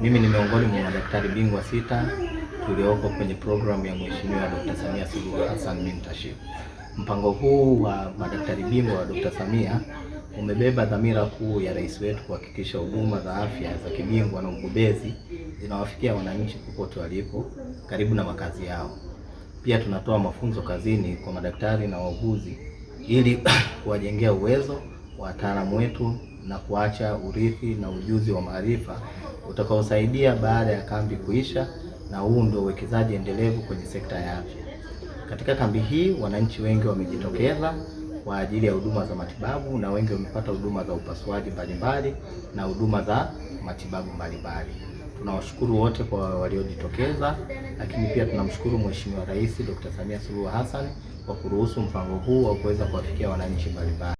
Mimi ni miongoni mwa madaktari bingwa sita tulioko kwenye programu ya Mheshimiwa Dr. Samia Suluhu Hassan Mentorship. Mpango huu wa madaktari bingwa wa Dr. Samia umebeba dhamira kuu ya rais wetu kuhakikisha huduma za afya za kibingwa na ubobezi zinawafikia wananchi popote walipo karibu na makazi yao. Pia tunatoa mafunzo kazini kwa madaktari na wauguzi ili kuwajengea uwezo wataalamu wetu na kuacha urithi na ujuzi wa maarifa utakaosaidia baada ya kambi kuisha, na huu ndio uwekezaji endelevu kwenye sekta ya afya. Katika kambi hii wananchi wengi wamejitokeza kwa ajili ya huduma za matibabu na wengi wamepata huduma za upasuaji mbalimbali na huduma za matibabu mbalimbali. Tunawashukuru wote kwa waliojitokeza, lakini pia tunamshukuru Mheshimiwa Rais Dr. Samia Suluhu Hassan kwa kuruhusu mpango huu wa kuweza kuwafikia wananchi mbalimbali.